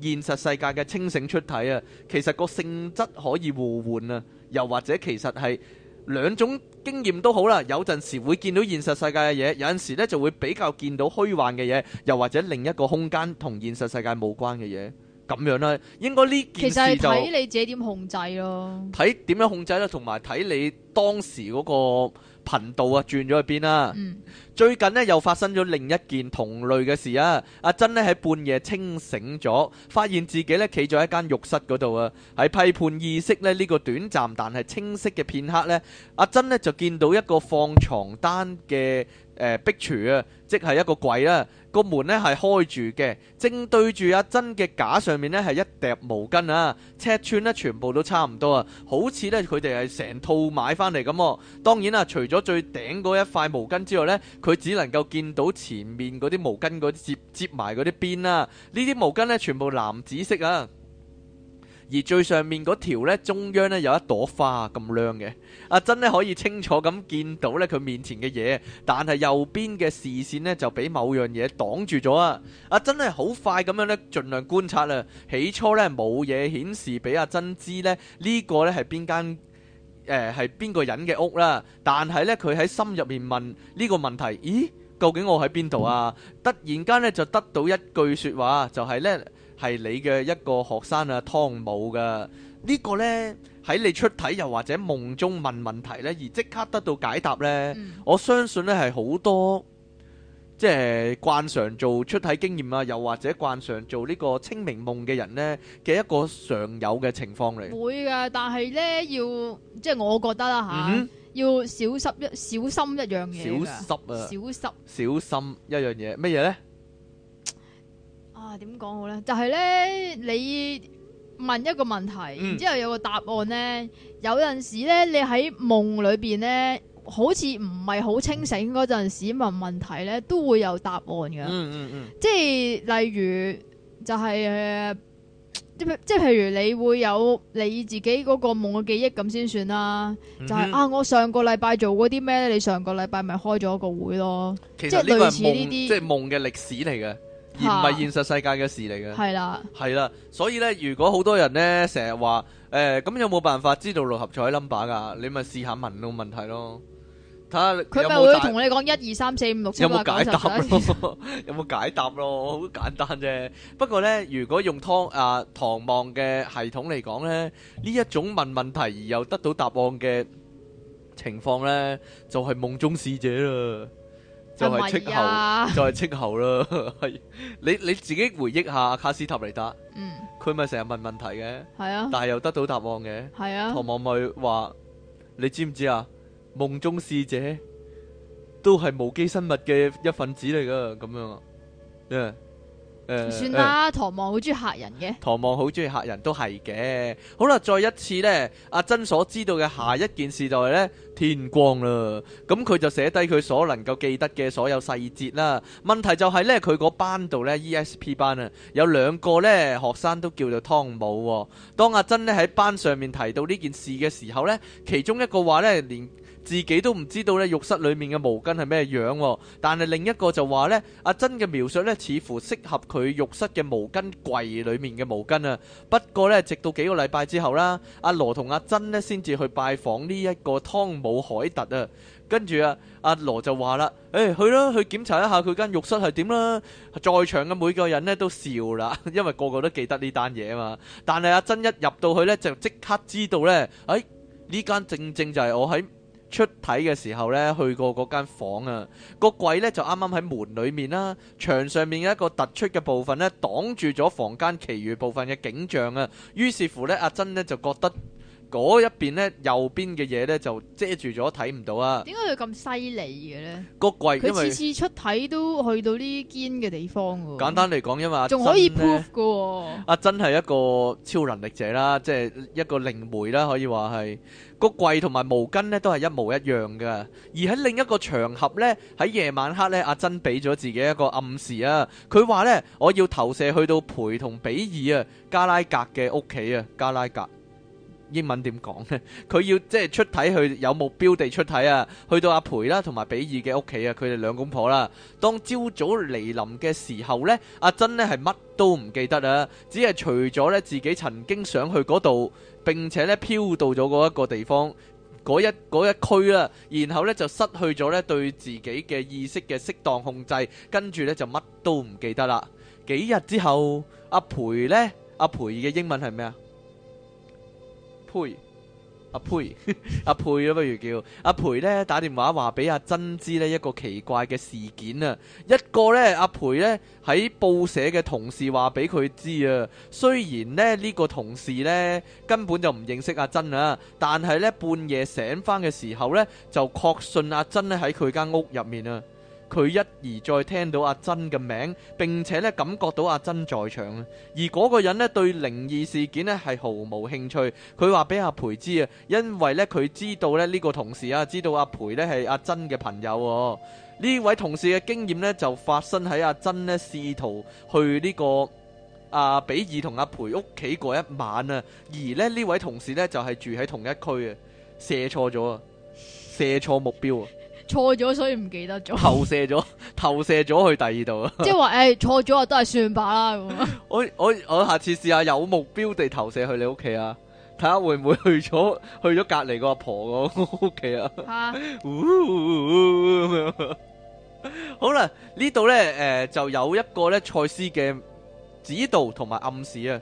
現實世界嘅清醒出體啊？其實個性質可以互換啊，又或者其實係兩種經驗都好啦。有陣時會見到現實世界嘅嘢，有陣時呢就會比較見到虛幻嘅嘢，又或者另一個空間同現實世界冇關嘅嘢，咁樣啦。應該呢件事就睇你自己點控制咯，睇點樣控制啦，同埋睇你當時嗰個。頻道啊轉咗去邊啊？嗯、最近呢又發生咗另一件同類嘅事啊！阿珍呢喺半夜清醒咗，發現自己呢企咗一間浴室嗰度啊！喺批判意識呢呢、呢個短暫但係清晰嘅片刻呢。阿珍呢就見到一個放床單嘅。誒壁櫥啊，即係一個櫃啦，個門咧係開住嘅，正對住阿珍嘅架上面呢係一疊毛巾啊，尺寸呢全部都差唔多啊，好似呢佢哋係成套買翻嚟咁。當然啦、啊，除咗最頂嗰一塊毛巾之外呢佢只能夠見到前面嗰啲毛巾嗰啲接接埋嗰啲邊啦、啊。呢啲毛巾呢全部藍紫色啊。而最上面嗰條呢，中央呢有一朵花咁亮嘅。阿珍呢可以清楚咁見到呢佢面前嘅嘢，但係右邊嘅視線呢就俾某樣嘢擋住咗啊！阿珍呢好快咁樣呢儘量觀察啦。起初呢冇嘢顯示俾阿珍知、呃、呢，呢個呢係邊間誒係邊個人嘅屋啦，但係呢，佢喺心入面問呢個問題：咦，究竟我喺邊度啊？突然間呢就得到一句説話，就係呢。係你嘅一個學生啊，湯姆噶。呢個呢喺你出體又或者夢中問問題呢，而即刻得到解答呢，我相信呢係好多即係慣常做出體經驗啊，又或者慣常做呢個清明夢嘅人呢嘅一個常有嘅情況嚟。會噶，但係呢要即係我覺得啦吓，要小心一小心一樣嘢啦，小心啊，小心小心一樣嘢，乜嘢呢？點講、啊、好咧？就係、是、咧，你問一個問題，然之後有個答案咧。嗯、有陣時咧，你喺夢裏邊咧，好似唔係好清醒嗰陣時問問題咧，都會有答案嘅、嗯。嗯嗯嗯。即係例如，就係、是、誒、呃，即即係，譬如你會有你自己嗰個夢嘅記憶咁先算啦、啊。嗯、哼就係、是、啊，我上個禮拜做嗰啲咩咧？你上個禮拜咪開咗一個會咯。其實即係類似呢啲係夢，即係夢嘅歷史嚟嘅。而唔係現實世界嘅事嚟嘅，係啦，係啦，所以咧，如果好多人咧成日話，誒，咁有冇辦法知道六合彩 number 噶？你咪試下問個問題咯，睇下佢咪會同你講一二三四五六七八九十十一二三。有冇解答咯？有冇解答咯？好簡單啫。不過咧，如果用湯啊唐望嘅系統嚟講咧，呢一種問問題而又得到答案嘅情況咧，就係夢中使者啦。就係斥候，是啊、就係斥候啦。係 你你自己回憶一下卡斯塔尼達。嗯，佢咪成日問問題嘅。係啊。但係又得到答案嘅。係啊。唐望咪話：你知唔知啊？夢中使者都係無機生物嘅一份子嚟噶，咁樣啊。Yeah. 算啦，唐望好中意嚇人嘅。唐望好中意嚇人都係嘅。好啦，再一次呢，阿珍所知道嘅下一件事就係呢，天光啦。咁佢就寫低佢所能夠記得嘅所有細節啦。問題就係呢，佢嗰班度呢 E S P 班啊，有兩個呢學生都叫做湯姆哦。當阿珍呢喺班上面提到呢件事嘅時候呢，其中一個話呢連。自己都唔知道呢浴室裏面嘅毛巾係咩樣喎？但係另一個就話呢阿珍嘅描述呢，似乎適合佢浴室嘅毛巾櫃裏面嘅毛巾啊。不過呢，直到幾個禮拜之後啦，阿羅同阿珍呢先至去拜訪呢一個湯姆海特啊。跟住啊，阿羅就話啦，誒、哎、去啦，去檢查一下佢間浴室係點啦。在場嘅每個人呢都笑啦，因為個個都記得呢單嘢啊嘛。但係阿珍一入到去呢，就即刻知道呢，誒、哎、呢間正正就係我喺。出體嘅時候呢，去過嗰間房啊，個櫃呢就啱啱喺門裏面啦，牆上面一個突出嘅部分呢，擋住咗房間其餘部分嘅景象啊，於是乎呢，阿珍呢就覺得。嗰一邊咧，右邊嘅嘢咧就遮住咗，睇唔到啊！點解佢咁犀利嘅咧？個櫃佢次次出體都去到啲堅嘅地方嘅。簡單嚟講，因為阿珍仲可以 prove 嘅喎。阿珍係一個超能力者啦，即係一個靈媒啦，可以話係個櫃同埋毛巾咧都係一模一樣嘅。而喺另一個場合咧，喺夜晚黑咧，阿珍俾咗自己一個暗示啊！佢話咧，我要投射去到陪同比爾啊加拉格嘅屋企啊加拉格。英文點講呢？佢要即係出體去有目標地出體啊！去到阿培啦，同埋比爾嘅屋企啊，佢哋兩公婆啦。當朝早嚟臨嘅時候呢，阿珍呢係乜都唔記得啦，只係除咗呢自己曾經想去嗰度，並且呢漂到咗嗰一個地方，嗰一嗰一區啦，然後呢就失去咗呢對自己嘅意識嘅適當控制，跟住呢就乜都唔記得啦。幾日之後，阿培呢？阿培嘅英文係咩啊？佩阿佩阿佩咯，啊、呵呵啊啊不如叫阿培、啊、呢，打電話話俾阿珍知呢一個奇怪嘅事件啊！一個呢，阿、啊、培呢，喺報社嘅同事話俾佢知啊。雖然呢，呢、這個同事呢，根本就唔認識阿珍。啊，但係呢，半夜醒翻嘅時候呢，就確信阿珍呢喺佢間屋入面啊。佢一而再聽到阿珍嘅名，並且咧感覺到阿珍在場。而嗰個人呢對靈異事件呢係毫無興趣。佢話俾阿培知啊，因為呢佢知道咧呢個同事啊，知道阿培呢係阿珍嘅朋友。呢位同事嘅經驗呢就發生喺阿珍呢試圖去呢個阿比爾同阿培屋企嗰一晚啊。而呢呢位同事呢就係住喺同一區嘅，射錯咗啊，射錯目標啊！錯咗，錯了，所以唔記得咗。投射咗，投射咗去第二度啊！即係話誒，錯咗啊，都係算吧啦咁啊！我我我下次試下有目標地投射去你屋企啊，睇下會唔會去咗去咗隔籬個阿婆個屋企啊！好啦，這裡呢度咧誒，就有一個咧賽斯嘅指導同埋暗示啊，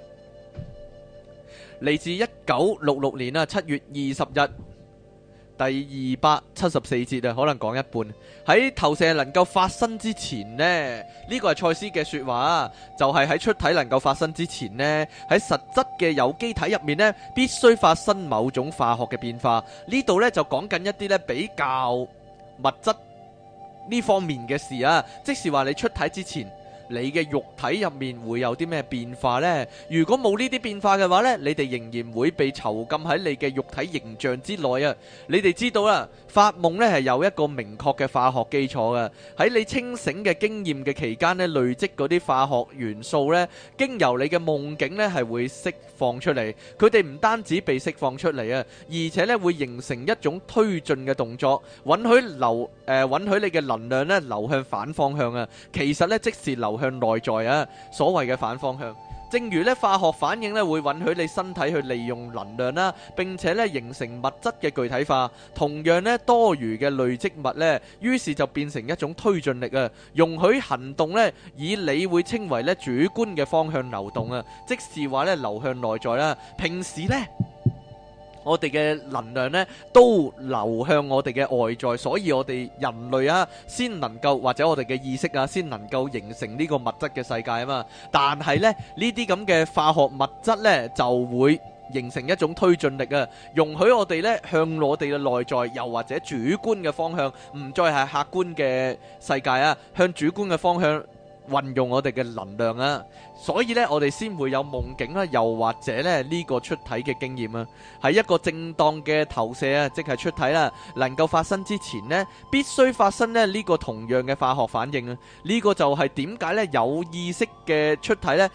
嚟自一九六六年啊七月二十日。第二百七十四節啊，可能講一半。喺投射能夠發生之前咧，呢、這個係賽斯嘅說話就係、是、喺出體能夠發生之前呢，喺實質嘅有機體入面呢，必須發生某種化學嘅變化。呢度呢，就講緊一啲呢比較物質呢方面嘅事啊，即是話你出體之前。你嘅肉體入面會有啲咩變化咧？如果冇呢啲變化嘅話咧，你哋仍然會被囚禁喺你嘅肉體形象之內啊！你哋知道啦，發夢咧係有一個明確嘅化學基礎嘅。喺你清醒嘅經驗嘅期間咧，累積啲化學元素咧，經由你嘅夢境咧係會釋放出嚟。佢哋唔單止被釋放出嚟啊，而且咧會形成一種推進嘅動作，允許流、誒、呃，允許你嘅能量咧流向反方向啊！其實咧，即時流。向內在啊，所謂嘅反方向，正如咧化學反應咧會允許你身體去利用能量啦，並且咧形成物質嘅具體化，同樣咧多餘嘅累積物咧，於是就變成一種推進力啊，容許行動咧以你會稱為咧主觀嘅方向流動啊，即是話咧流向內在啦，平時咧。我哋嘅能量呢，都流向我哋嘅外在，所以我哋人類啊，先能夠或者我哋嘅意識啊，先能夠形成呢個物質嘅世界啊嘛。但係呢，呢啲咁嘅化學物質呢，就會形成一種推進力啊，容許我哋呢向我哋嘅內在，又或者主觀嘅方向，唔再係客觀嘅世界啊，向主觀嘅方向。運用我哋嘅能量啊，所以咧，我哋先會有夢境啦，又或者咧呢個出體嘅經驗啊，喺一個正當嘅投射啊，即係出體啦，能夠發生之前呢，必須發生咧呢個同樣嘅化學反應啊，呢、呢個就係點解呢，有意識嘅出體呢，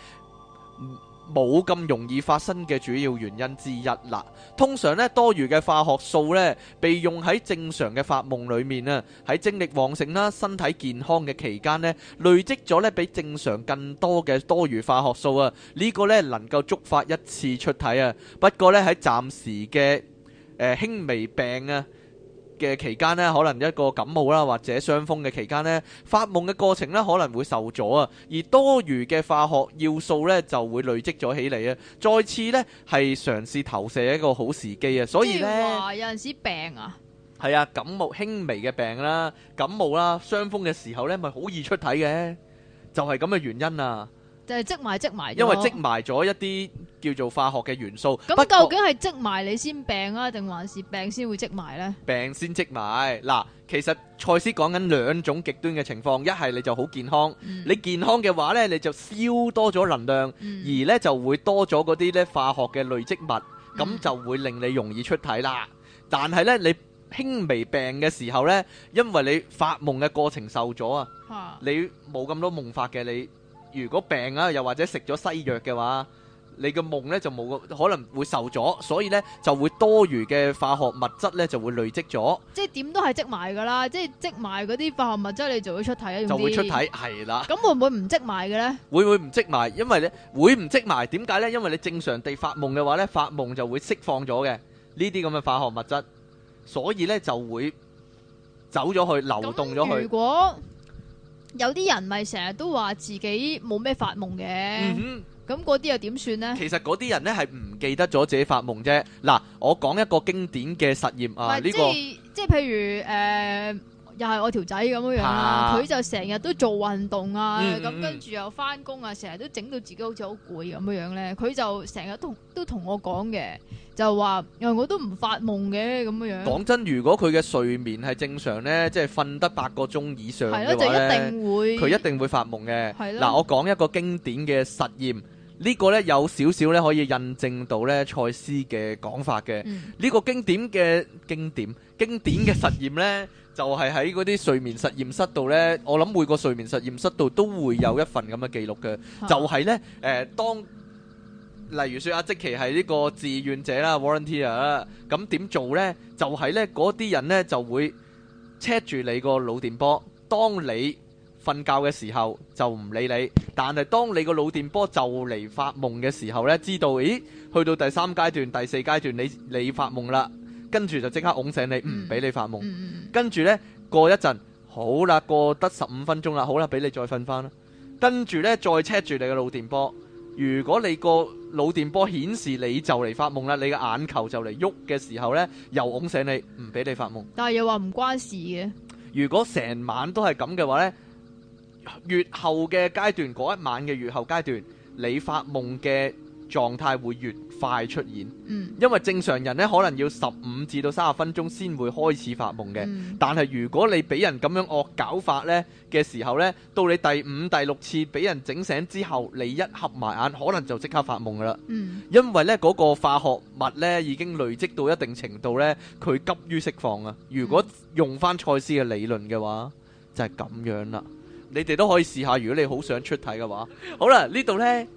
冇咁容易發生嘅主要原因之一啦。通常咧，多餘嘅化學素咧被用喺正常嘅發夢裡面啊，喺精力旺盛啦、身體健康嘅期間咧，累積咗咧比正常更多嘅多餘化學素啊，呢個咧能夠觸發一次出體啊。不過咧喺暫時嘅誒、輕微病啊，嘅期間呢，可能一個感冒啦，或者傷風嘅期間呢，發夢嘅過程呢，可能會受阻啊，而多餘嘅化學要素呢就會累積咗起嚟啊，再次呢係嘗試投射一個好時機啊，所以呢，有陣時病啊，係啊，感冒輕微嘅病啦，感冒啦，傷風嘅時候呢，咪好易出體嘅，就係咁嘅原因啊。就係積埋積埋，因為積埋咗一啲叫做化學嘅元素。咁究竟係積埋你先病啊，定還是病先會積埋呢？病先積埋。嗱，其實賽斯講緊兩種極端嘅情況，一係你就好健康，嗯、你健康嘅話呢，你就燒多咗能量，嗯、而呢就會多咗嗰啲呢化學嘅累積物，咁就會令你容易出體啦。嗯、但係呢，你輕微病嘅時候呢，因為你發夢嘅過程受咗啊，哈 你冇咁多夢法嘅你。如果病啊，又或者食咗西藥嘅話，你個夢呢就冇，可能會受咗，所以呢就會多餘嘅化學物質呢就會累積咗。即係點都係積埋㗎喇，即係積埋嗰啲化學物質，你就會出體啊，就會出體係啦。咁會唔會唔積埋嘅呢？會唔會唔積埋？因為呢會唔積埋？點解呢？因為你正常地發夢嘅話呢，發夢就會釋放咗嘅呢啲咁嘅化學物質，所以呢就會走咗去流動咗去。如果有啲人咪成日都話自己冇咩發夢嘅，嗯哼，咁嗰啲又點算呢？其實嗰啲人咧係唔記得咗自己發夢啫。嗱，我講一個經典嘅實驗啊，呢唔係，這個即係譬如誒。呃又係我條仔咁樣樣啦，佢就成日都做運動啊，咁、嗯、跟住又返工啊，成日都整到自己好似好攰咁樣樣咧。佢就成日都都同我講嘅，就話：因為我都唔發夢嘅咁樣。講真，如果佢嘅睡眠係正常咧，即係瞓得八個鐘以上嘅咧，佢一定會發夢嘅。係，嗱，我講一個經典嘅實驗。呢個呢，有少少呢可以印證到呢賽斯嘅講法嘅，呢、嗯、個經典嘅經典經典嘅實驗呢， 就係喺嗰啲睡眠實驗室度呢。我諗每個睡眠實驗室度都會有一份咁嘅記錄嘅， 就係呢。誒、呃，當例如説阿積奇係呢個志願者啦，volunteer 啦，咁點做呢？就係、是、呢嗰啲人呢，就會 check 住你個腦電波，當你瞓覺嘅時候就唔理你，但係當你個腦電波就嚟發夢嘅時候呢，知道咦去到第三階段、第四階段，你你發夢啦，跟住就即刻㧬醒你，唔俾、嗯、你發夢。跟住、嗯、呢，過一陣好啦，過得十五分鐘啦，好啦，俾你再瞓翻啦。跟住呢，再 check 住你嘅腦電波，如果你個腦電波顯示你就嚟發夢啦，你嘅眼球就嚟喐嘅時候呢，又㧬醒你，唔俾你發夢。但係又話唔關事嘅，如果成晚都係咁嘅話呢，越後嘅階段，嗰一晚嘅越後階段，你發夢嘅狀態會越快出現。嗯，因為正常人呢，可能要十五至到三十分鐘先會開始發夢嘅。嗯，但係如果你俾人咁樣惡搞法呢嘅時候呢，到你第五、第六次俾人整醒之後，你一合埋眼，可能就即刻發夢噶啦。嗯，因為呢嗰、個化學物呢，已經累積到一定程度呢，佢急於釋放啊。如果用翻賽斯嘅理論嘅話，就係、是、咁樣啦。你哋都可以試下，如果你好想出體嘅話，好啦，呢度呢，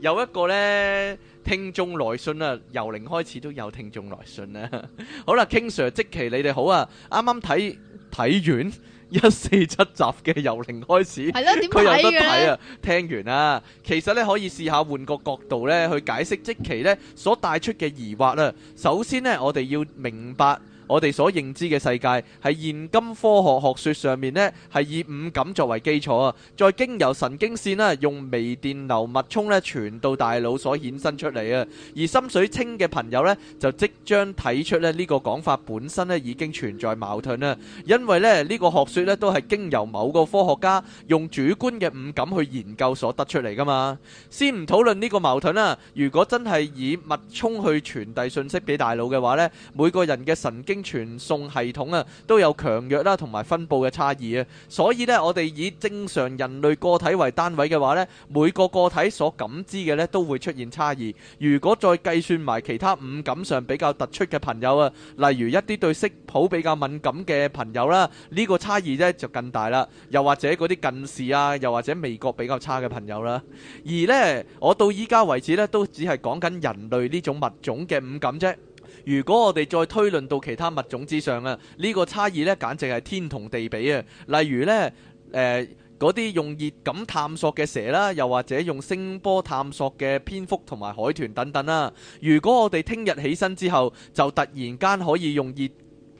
有一個呢，聽眾來信啦、啊，由零開始都有聽眾來信啦、啊。好啦，King Sir 積奇，你哋好啊，啱啱睇睇完一四七集嘅由零開始，佢有得睇呀、啊。聽完啊，其實呢可以試下換個角度呢去解釋積奇呢所帶出嘅疑惑啦、啊。首先呢，我哋要明白。我哋所認知嘅世界係現今科學學説上面呢係以五感作為基礎啊，再經由神經線呢用微電流脈衝咧傳到大腦所衍生出嚟啊。而心水清嘅朋友呢就即將睇出呢個講法本身呢已經存在矛盾啦，因為呢個學説呢都係經由某個科學家用主觀嘅五感去研究所得出嚟噶嘛。先唔討論呢個矛盾啦。如果真係以脈衝去傳遞信息俾大腦嘅話呢，每個人嘅神經傳送系統啊，都有強弱啦，同埋分佈嘅差異啊。所以呢，我哋以正常人類個體為單位嘅話呢，每個個體所感知嘅呢都會出現差異。如果再計算埋其他五感上比較突出嘅朋友啊，例如一啲對色譜比較敏感嘅朋友啦，呢個差異呢就更大啦。又或者嗰啲近視啊，又或者味覺比較差嘅朋友啦。而呢，我到依家為止呢都只係講緊人類呢種物種嘅五感啫。如果我哋再推論到其他物種之上啊，呢個差異呢簡直係天同地比啊！例如呢，誒嗰啲用熱感探索嘅蛇啦，又或者用聲波探索嘅蝙蝠同埋海豚等等啦。如果我哋聽日起身之後，就突然間可以用熱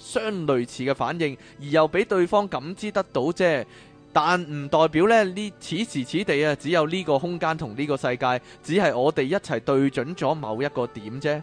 相類似嘅反應，而又俾對方感知得到啫。但唔代表呢，此時此地啊，只有呢個空間同呢個世界，只係我哋一齊對準咗某一個點啫。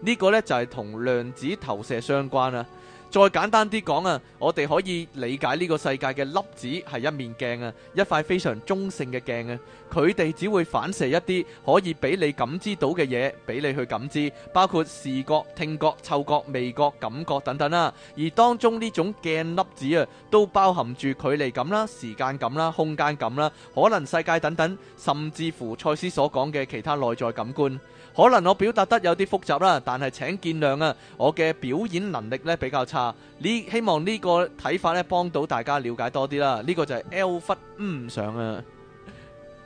呢個呢，就係同量子投射相關啦。再簡單啲講啊，我哋可以理解呢個世界嘅粒子係一面鏡啊，一塊非常中性嘅鏡啊，佢哋只會反射一啲可以俾你感知到嘅嘢俾你去感知，包括視覺、聽覺、嗅覺、味覺、感覺等等啦。而當中呢種鏡粒子啊，都包含住距離感啦、時間感啦、空間感啦、可能世界等等，甚至乎賽斯所講嘅其他內在感官。可能我表達得有啲複雜啦，但係請見諒啊！我嘅表演能力咧比較差，呢希望呢個睇法咧幫到大家了解多啲啦。呢個就係 L 忽唔上啊！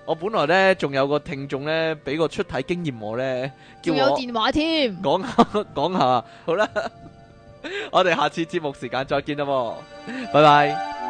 我本來呢仲有個聽眾呢俾個出體經驗我呢，叫我有電話添，講下講下，好啦， 我哋下次節目時間再見啦，拜拜。